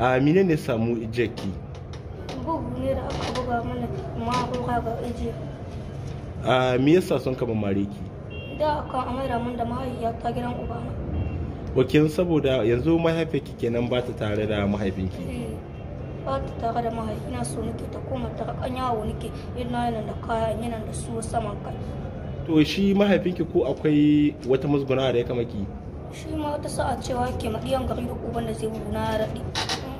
a mine ne samu ijeki bugu ne da aka buga mana ma buga ga ije a me yasa sun kama mare ki da aka amara mun da mahaifiya ta gidan ubana wakin saboda yanzu mahaifiyarki kenan ba ta tare da mahaifinki eh, ba ta tare da mahaifina so nake ta koma ta rakan yawo nake ina nan da kaya ina da su saman kai to shi mahaifinki ko akwai wata musguna da ya kama ki shi ma wata sa'a cewa ke maɗiyan gari da uban da zai na raɗi.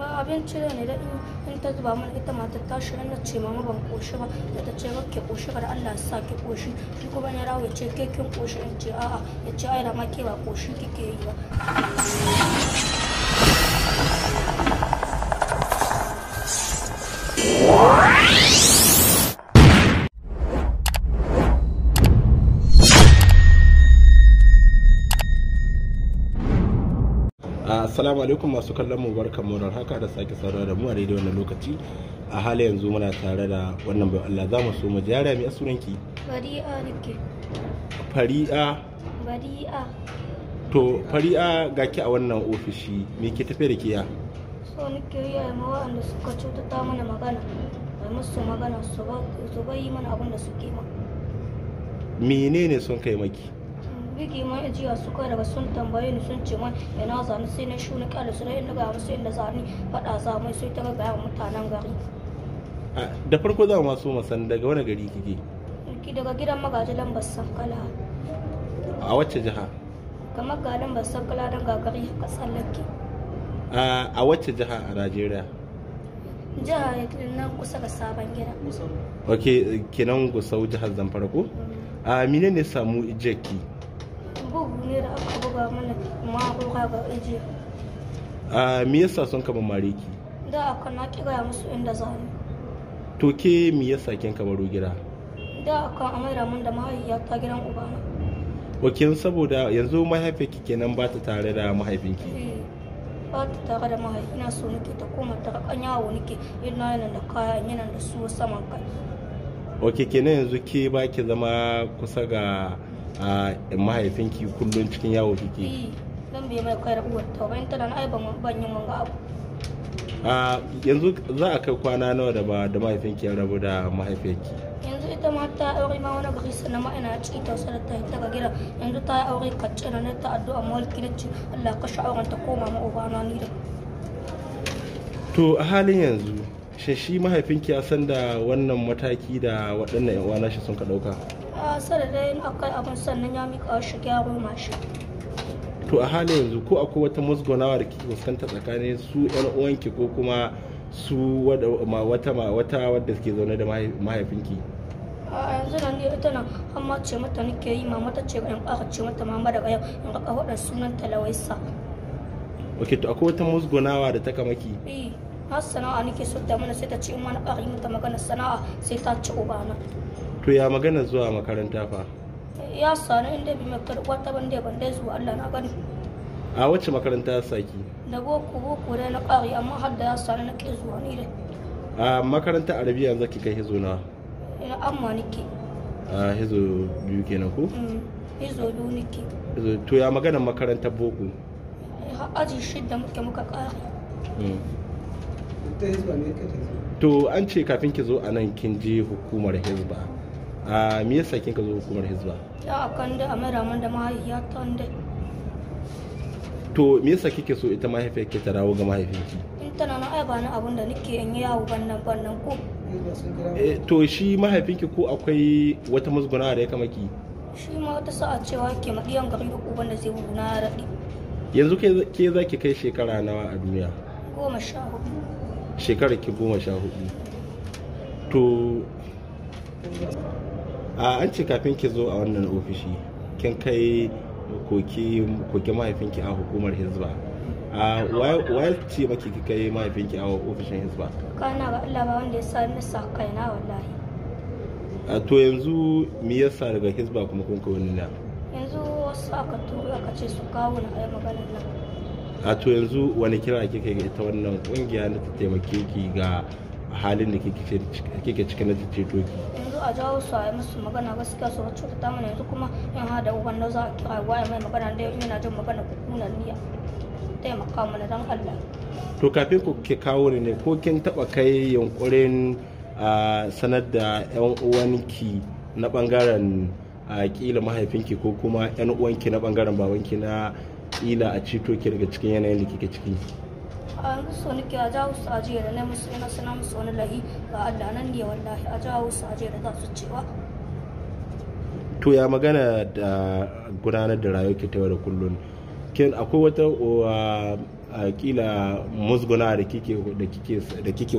abinci da ne daɗi in ta zuba mana ita matar ta shirin na ce mama ban koshi ba da ta ce ke koshi ba da Allah sa ke koshi shi kuma ne rawo ya ce ke kin koshi in ce ya ce ai da ma ke ba koshi kike yi ba assalamu alaikum masu kallon mu barka mu da haka da sake saurara da mu a daidai wannan lokaci a hali yanzu muna tare da wannan bai Allah za mu so mu jara mai asuranki fari'a nake fari'a fari'a to fari'a ga ki a wannan ofishi me ke tafe da ke ya so nake yi a ma wanda suka cutata mana magana ba musu magana su ba yi mana abin da suke ma menene sun kai maki bigi mai a su kai daga sun tambaye ni sun ce mai ina zani sai na shuni kyale su dai inda ga musu inda zani faɗa za mai sai ta ga wa mutanen gari da farko za mu so mu san daga wani gari kike ki daga gidan magaji lambar sankala a wacce jiha kamar ga lambar sankala don gagari ƙasar tsallake a wacce jiha a najeriya Jiha ya jihar nan kusa ga sabon gida ok kenan gusau jihar zamfara ko mm. a mine ne samu ijeki bugu ne da aka buga mana kuma ga ajiya a me yasa son ka mamare ki da aka na gaya musu inda zani to ke me yasa kin ka baro gida da aka amira mun da mahaifiya ta gidan ubana wakin saboda yanzu mahaifiyarki kenan ba ta tare da mahaifinki eh, ba ta tare da na so nake ta koma ta kan yawo nake ina nan da kaya nan da su saman kai ok kenan yanzu ke ba ki zama kusa ga a mahaifinki kullum cikin yawo kike eh, zan bai mai kai rabuwar to bayan ta da na aiban ban yin wanga abu a yanzu za a kai kwana nawa da ba da mahaifinki ya rabu da mahaifinki yanzu ita ma ta aure ma wani bari sannan ma ina ci ta wasu ta ta ga gida yanzu ta yi aure kacce na ta addu'a mawalki da ce Allah ka sha'awar ta koma ma ubana ni da to a halin yanzu shi mahaifinki ya san da wannan mataki da waɗannan yan uwana shi sun ka ɗauka a ah, sada dai akai abin sannan ya mika shi gyaro mashi to a halin yanzu ko akwai wata musgunawa da kike fuskanta tsakanin su yan uwanki ko kuma su wata wata wadda suke zaune da mahaifinki a ah, yanzu nan ne ita nan amma ce mata nake yi ma mata ce in ƙara ce mata mama daga yau in ƙara faɗa sunan talawaisa ok to akwai wata musgunawa da ta kamaki eh. har sana'a nake so ta mana sai ta ce in wani ƙari mata magana sana'a sai ta ci ubana to ya magana zuwa makaranta fa ya sani inda bi makar wata bande bande zuwa Allah na gani a wacce makaranta saki da boko boko dai na ƙari amma har da ya sani nake zuwa ni dai a makaranta arabiya yanzu kika hizo na ina eh, amma nake a hizo biyu kenan ko mm, hizo to ya magana makarantar boko eh, aji shidda muke muka ta ne ka ta to an ce kafin ki zo a nan kin je hukumar hezba a me yasa kin ka zo hukumar ya a kan da amara mun da mahaifiya ta wanda to me yasa kike so ita mahaifiyar ke ta dawo ga mahaifinki in tana na ai ba ni abin da nake yin yawo bannan bannan ko eh, to shi mahaifinki ko akwai wata musguna da ya kama ki shi ma wata sa'a cewa ke maɗiyan gari da uban da zai wuna raɗi yanzu ke za ki kai shekara nawa a duniya goma sha hudu shekarar ki goma sha hudu to a an ce kafin ki zo a wannan ofishi kin kai koki mahaifinki a hukumar hizba a wayar ce maki ki kai mahaifinki a ofishin hizba kana ba Allah ba wanda ya sa ni sa na wallahi a to yanzu me yasa daga hizba kuma kun kai wani na yanzu wasu aka tura ka ce su kawo na ai ganin nan a to yanzu wani kira kike ga ita wannan kungiya na taimake ki ga halin da kike cikin na ceto ki yanzu a jawo su a yi musu magana gaskiya su wacce ta mana yanzu kuma yan hada uban za a kira waya mai magana da yau yana jin magana ku kuna niyya taimaka mana don Allah to kafin ku ke kawo ne ko kin taba kai yunkurin sanar da yan uwanki na bangaren a kila mahaifinki ko kuma yan uwanki na bangaren babanki na kila a ceto ki daga cikin yanayin da kike ciki an so nake a jawo su aje da na musu ina sana musu wani lahi ga Allah nan ne wallahi a jawo su aje da za su cewa to ya magana da gudanar da rayuwar ki ta yau da kullun kin akwai wata kila musguna da kike da kike da kike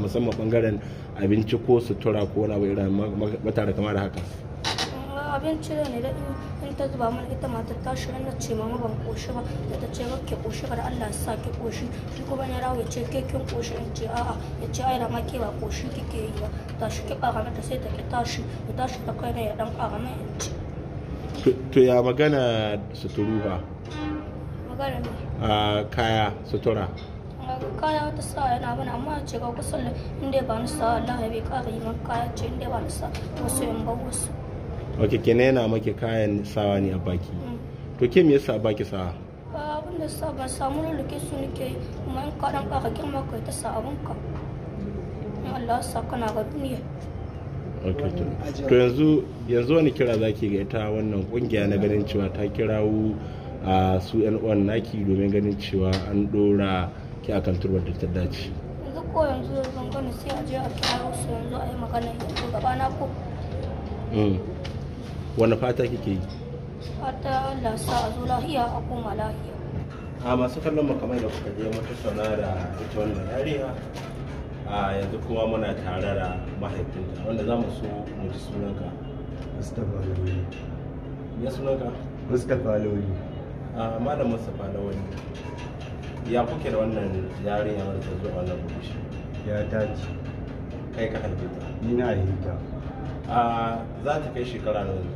musamman bangaren abinci ko sutura ko wani abu irin matara kamar haka abinci da ne daɗi in ta zuba mana ita matar ta shirin na ce mama ban ƙoshi ba da ta ce ba ke ƙoshi kada Allah sa ki ƙoshi shi kuma ne rawo ya ce ke kin ƙoshi in ce a'a ya ce ai rama ke ba ƙoshi kike yi ba ta shi ki ƙara ta sai ta ki tashi ya tashi ta kai na ya dan ƙara mai in ce. to ya magana suturuha magana ne a kaya sutura kaya wata sa yana mana amma ce ga kusan inda ba ni sa Allah ya bai ƙara yi man kaya ce inda ba ni sa wasu yan ba wasu ok ke na maki kayan sawa ne a baki mm. to ke me yasa a baki sawa ba abin da sa ba samu na luke su ke, kuma in ka dan ƙara girma ko ta sa abin ka in Allah sa kana ga duniya ok to to yanzu yanzu wani kira zaki ga ita wannan kungiya na ganin cewa ta kirawo a su yan uwan naki domin ganin cewa an dora ki akan turbar da ta dace yanzu ko yanzu zan gani sai a je a kira su yanzu a yi magana yanzu gaba na ko mm. wani fata kike yi fata Allah sa a zo lahiya a koma lahiya a masu kallon makamai da kuka je mun tattauna da ita wannan yariya a yanzu kuma muna tare da mahaifinta wanda za mu so mu ji sunanka Mustapha Lawli ya sunanka Mustapha Lawli a malam Mustapha Lawli ya kuke da wannan yarinya wanda ta zo a wannan bukushi ya taji. kai ka haife ta ni na haife ta za ta kai shekara na yanzu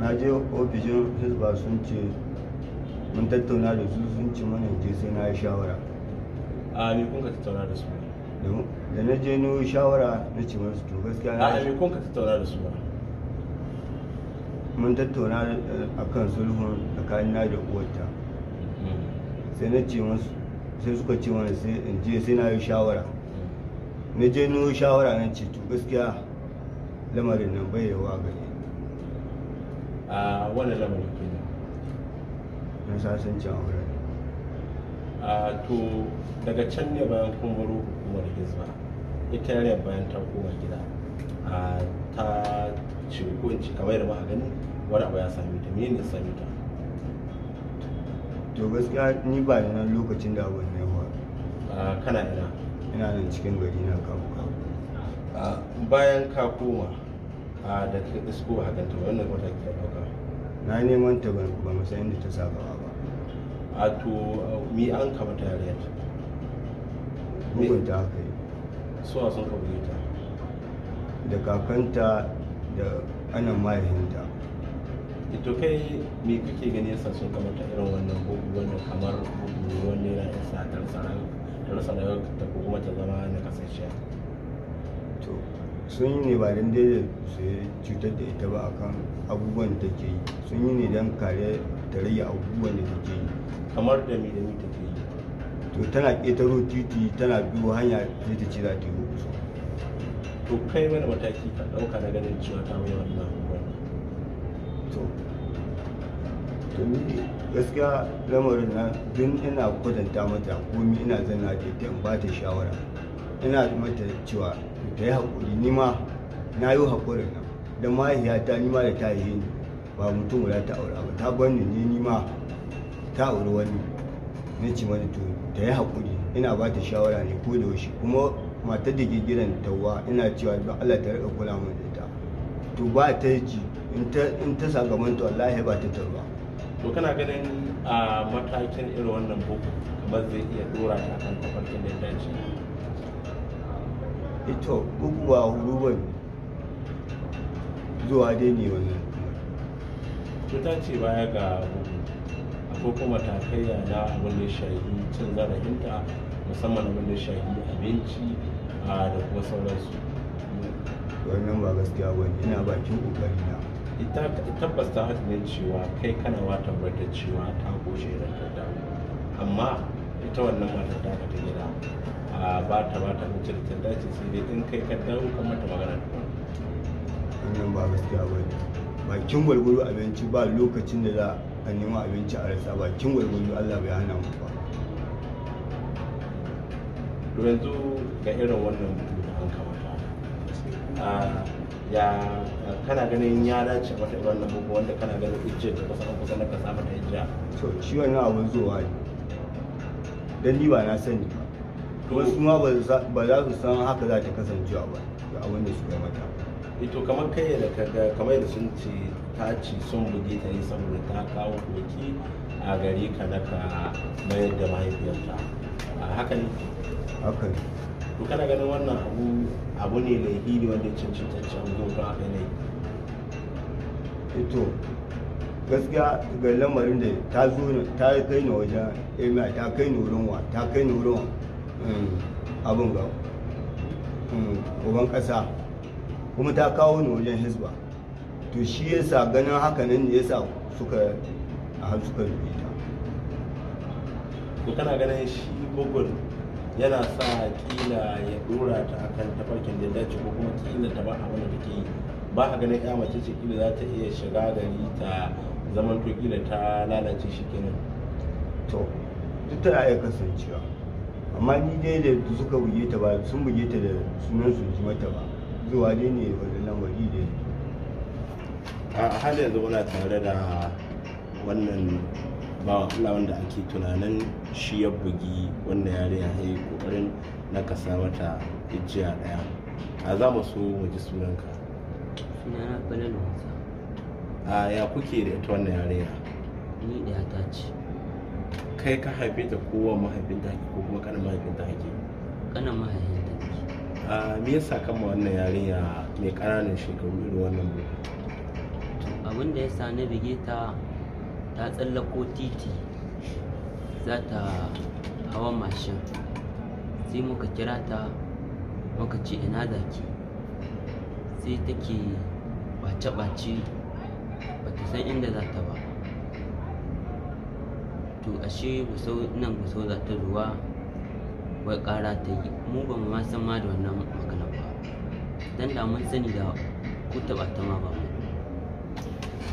na je ofishin hisba sun ce mun tattauna da su sun ci mana je sai na yi shawara a me kun ka tattauna da su da na je ni shawara na ci masu to gaskiya na a me kun ka tattauna da su mun tattauna eh, a kan sulhun tsakanin na da uwarta mm-hmm. sai na ce masu sai suka ce mana sai in je sai na yi shawara mm-hmm. na je ni shawara na ce to gaskiya lamarin nan bai yawa gari a wani lamarin kenan na sasancin auren a to daga can ne bayan kun hukumar hizba ita yare bayan ta koma gida a ta ce ko in kamar da ba a gani wani abu ya sami ta me ne sami ta to gaskiya ni ba da nan lokacin da abin ne ba kana ina ina nan cikin gari na kawo kawo bayan ka koma a da isko a hakan to wannan mataki ka dauka na neman ta ba mu san inda ta saba ba a to mi an kama ta yare ta mugunta haka yi suwa sun kaure ta da kakanta da anan mahaifinta ito kai me kake gani yasa sun kamata irin wannan bugu wanda kamar bugu wanda yana isa da rasa rayuwa ta kuma ta zama na kasashe sun yi ne ba don daidai su cutar da ita ba akan abubuwan da ke yi sun yi ne don kare ta rage abubuwan da ke yi kamar da mi da mi ke yi to tana ƙetaro titi tana biyo hanya da ta ci za ta yi kusa to kai mana mataki ka ɗauka na ganin cewa ta mai wannan abubuwan to to ni gaskiya lamarin na duk ina kwatanta mata komi ina zanna ta ba ta shawara ina mata cewa ta yi haƙuri ni ma na yi haƙurin nan don mahaifiyata ni ma da ta yi ni ba mutum guda ta aura ba ta bar ni ni ma ta auri wani na ci mata to ta yi haƙuri ina ba ta shawara ne ko da yaushe kuma matar da ke gidan tawa ina cewa don Allah ta riƙa kula min da ita to ba ta ji in ta sakamanta wallahi ba ta tarwa to kana ganin a ah, matakin irin wannan boko kamar zai iya dora ta kan tafarkin da ya dace ito uku ba zuwa dai ne wannan Ta ce baya ga akwai kuma matakai na abin da shahi cin zarafinta musamman abin da shahi abinci da kuma sauransu wannan ba gaskiya ba ina bakin kokari na ita tabbas ta ne cewa kai kana ma tabbatar cewa ta goce da ta damu amma ita wannan matar ta ta gida a ba ta ba ta da ta ce sai dai in kai ka dawo ka mata magana wannan ba gaskiya ba ne bakin gwargwaro abinci ba lokacin da za a nema abinci a rasa bakin gwargwaro allah bai hana mu ba yanzu ga irin wannan da an kamata ya kana ganin ya dace mata irin wannan bugu wanda kana ganin ijiyar da kusa kusa na kasa mata ijiya to shi wannan abun zuwa ne dan ni ba na sani wasu ma ba za su san haka za ta kasancewa ba da abin da suka yi mata ito eh kamar kai da kaga kamar yadda sun ce ta ci sun buge ta yi saboda ta kawo koki a gari ka na ka mayar da mahaifiyarta a haka ne haka ne to kana ganin wannan abu abu ne mai hili wanda cancantaccen zo haka ne ito eh gaskiya ga lamarin da ta zo ta kai ni wajen emir eh, ta kai ni wurin wa ta kai ni wurin wa Mm. abin ga mm. uban ƙasa kuma ta kawo ni wajen hisba to shi yasa ganin haka nan ne yasa suka a suka rubuta to kana ganin shi bugun yana sa kila ya dora ta akan tafarkin da ya dace ko kuma kila ta ba abin da take ba ka ganin ya mace ce kila za ta iya shiga gari ta zaman to kila ta lalace shi kenan to duk ta iya kasancewa amma ni dai da suka buge ta ba sun buge ta da sunan su ji mata ba zuwa dai ne wani lamari da a har yanzu kuna tare da wannan ba Allah wanda ake tunanin shi ya bugi wanda yare ya yi kokarin na kasa mata ijiya daya a za mu so mu ji sunanka sunana balalu a ya kuke da ita wannan yare ni da ta ce kai ka haife ta kowa mahaifinta ke, ko kuma kanin mahaifinta ke. kanin mahaifinta A me yasa kama wannan yarinya mai ƙananan shekaru irin wannan mu abin da ya sa na bige ta ta tsallako titi za ta hawa mashin sai muka kira ta muka ce ina za ki, sai take bace-bace ba ta san inda za ta ba to ashe gusau nan gusau za ta zuwa wai ƙara ta yi mu ba mu ma san ma da wannan magana ba dan da mun sani da ku taɓa ta ma ba mu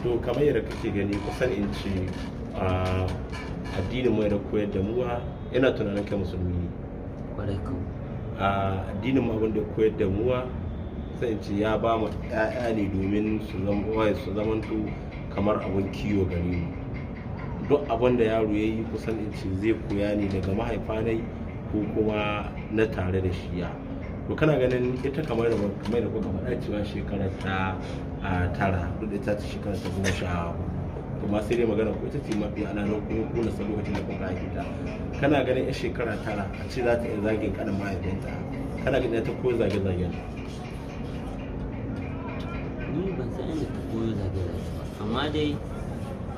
to kamar yadda kake gani kusan in ce a addinin mu da koyar da muwa ina tunanin kai musulmi ne kwarai kan a addinin mu abin da koyar da muwa sai in ce ya ba mu ƴaƴa ne domin su zama su zamanto kamar abin kiwo gare mu duk abin da yaro ya yi kusan in ce zai koya ne daga mahaifa ne ko kuma na tare da shi ya to kana ganin ita kamar da kamar da kuka faɗa cewa shekarar ta tara duk da ta ce shekarar ta goma sha kuma sai dai magana ko ita ce mafi alalan kuma ko na salo na kuka ake ta kana ganin ita shekara tara a ce za ta iya zagin kanin mahaifinta kana ganin ta koyi zage-zagen ni ban san inda ta koyo zage-zage ba amma dai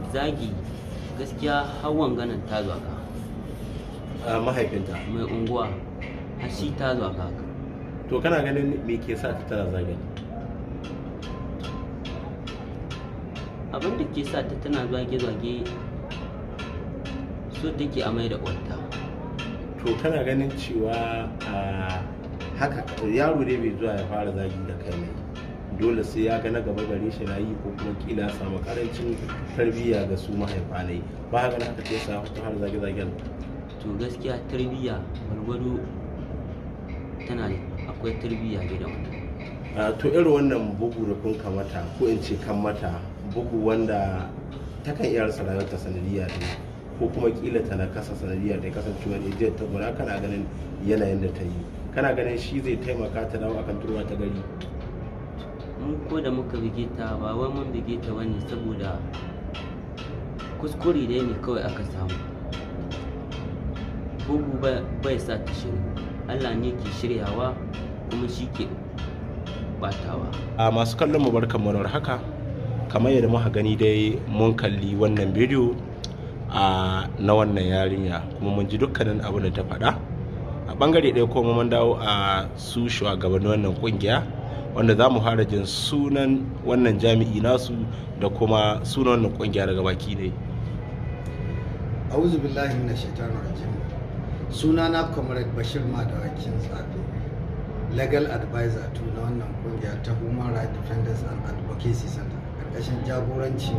zagi gaskiya hawan ganin ta zuwa ka a mahaifinta mai unguwa Hashi ta zuwa ka to kana ganin me ke sa ta tana zage. abin da ke sa ta tana zage-zage so take amai da kwanta to kana ganin cewa haka yaro ne bai zuwa ya fara zagi da kai mai dole sai ya ga na gaba gare shi na yi ko kuma kila samu karancin tarbiyya ga su mahaifa ne ba haka na haka ce sa hutu har zage zagen to gaskiya tarbiyya walwalo tana da akwai tarbiyya gidan to irin wannan bugu da kun kamata ko in ce kan mata bugu wanda kan iya rasa rayuwar ta sanadiyya ne ko kuma kila ta nakasa sanadiyar da kasancewa ajiyar ta gona kana ganin yanayin da ta yi kana ganin shi zai taimaka ta dawo akan turwa ta gari mu ko da muka bige ta ba wai mun bige ta bane saboda kuskure dai ne kawai aka samu bugu bai sa ta shiru allah ne ke shiryawa kuma shi ke batawa a masu kallon mu barkan manar haka kamar yadda muka gani dai mun kalli wannan bidiyo a na wannan yarinya kuma mun ji dukkanin abin da ta faɗa a bangare ɗaya ko mun dawo a su shugabannin wannan kungiya wanda za mu harajin sunan wannan jami'i nasu da kuma sunan wannan kungiya daga baki ne auzu billahi mina shaitanir rajim sunana comrade bashir madawakin tsafi legal advisor to na wannan kungiya ta human rights defenders and advocacy center karkashin jagoranci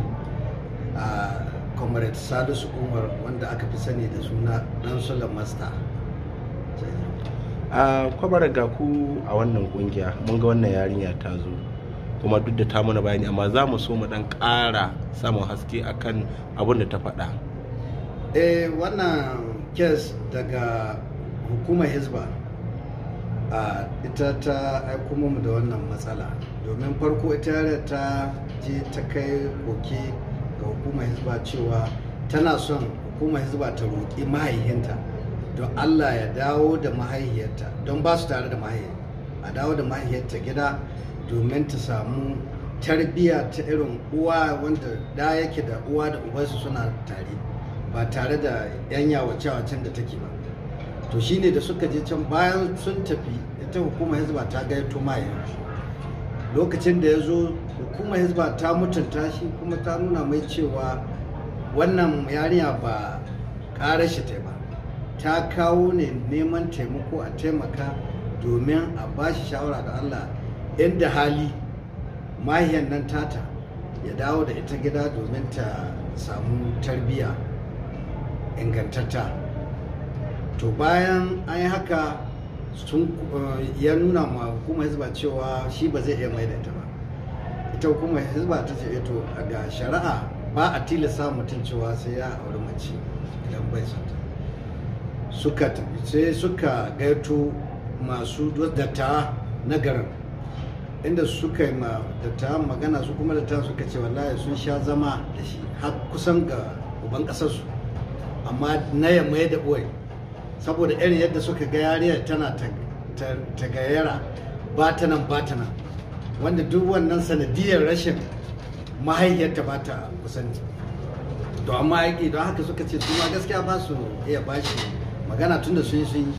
a ah, comrade salisu umar wanda aka fi sani da suna dan master a kwabar ga ku a wannan kungiya mun ga wannan yarinya ta zo kuma duk da ta mana bayani amma za mu so mu dan ƙara samun haske akan abin da ta faɗa eh wannan kes daga hukumar hezba a ita ta aiko mu da wannan matsala domin farko ita ta je ta kai koke ga hukumar hizba cewa tana son hukumar Hisba ta roƙi mahaihinta don Allah ya dawo da mahaihiyarta don ba su tare da mahaihiyar a dawo da mahaihiyarta gida domin ta samu tarbiyya ta irin uwa wanda da yake da uwa da ubansu suna tare ba tare da yan yawace-wacen da take ba to shine da suka je can bayan sun tafi ita hukumar hizba ta gaito mahaihiyar lokacin da ya zo hukumar hizba ta mutunta shi kuma ta nuna mai cewa wannan yarinya ba ƙarar shi ta ba ta kawo ne neman taimako a taimaka domin a ba shi shawara da Allah inda hali mahiyan nan tata ya dawo da ita gida domin ta samu tarbiyya ingantatta to bayan an yi haka sun eh, ya nuna ma hukumar hizba cewa shi ba zai iya mai da ita ba ita hukumar hizba ta ce eh to ga shari'a ba a tilasta mutum cewa sai ya auri mace idan bai son suka sai suka gaito masu datta na garin inda suka yi ma magana su kuma dattawa suka ce wallahi sun sha zama da shi har kusan ga uban ƙasarsu amma na yamma da ɓoye saboda irin yadda suka ga yariya tana tagayyara ba ta nan ba ta nan wanda duk wannan sanadiyar rashin mahaifiyarta ba ta kusanci to amma aiki don haka suka ce su ma gaskiya ba su iya bashi 原来真的深深。